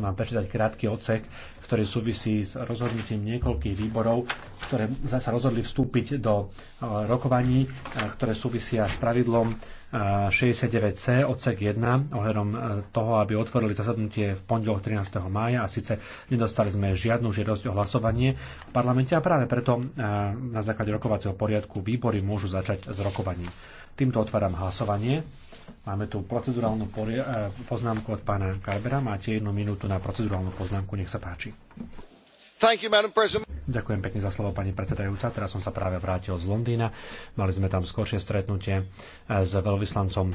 vám prečítať krátky odsek, ktorý súvisí s rozhodnutím niekoľkých výborov, ktoré sa rozhodli vstúpiť do e, rokovaní, e, ktoré súvisia s pravidlom 69C e, odsek 1 ohľadom toho, aby otvorili zasadnutie v pondelok 13. mája a síce nedostali sme žiadnu žiadosť o hlasovanie v parlamente a práve preto na základe rokovacieho poriadku výbory môžu začať s rokovaním. Týmto otváram hlasovanie. Máme tu procedurálnu poznámku od pána Karbera. Máte jednu minútu na procedurálnu poznámku. Nech sa páči. Ďakujem pekne za slovo, pani predsedajúca. Teraz som sa práve vrátil z Londýna. Mali sme tam skoršie stretnutie eh, s veľvyslancom, eh,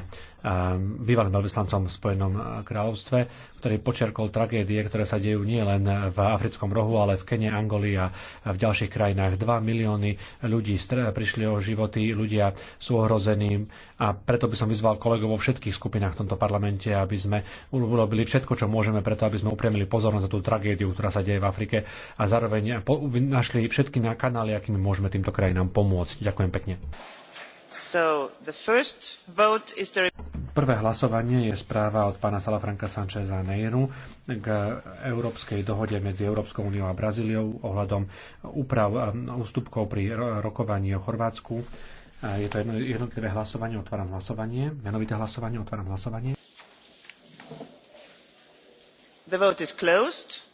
bývalým veľvyslancom v Spojenom kráľovstve, ktorý počerkol tragédie, ktoré sa dejú nie len v africkom rohu, ale v Kene, Angolii a v ďalších krajinách. 2 milióny ľudí prišli o životy, ľudia sú ohrození a preto by som vyzval kolegov vo všetkých skupinách v tomto parlamente, aby sme urobili všetko, čo môžeme, preto aby sme upriamili pozornosť za tú tragédiu, ktorá sa deje v Afrike a zároveň našli všetky na kanály, akými môžeme týmto krajinám pomôcť. Ďakujem pekne. So the first vote is the... Prvé hlasovanie je správa od pána Salafranka Sancheza Neiru k európskej dohode medzi Európskou úniou a Brazíliou ohľadom úprav um, ústupkov pri rokovaní o Chorvátsku. Je to jednotlivé hlasovanie, otváram hlasovanie, menovité hlasovanie, otváram hlasovanie. The vote is closed.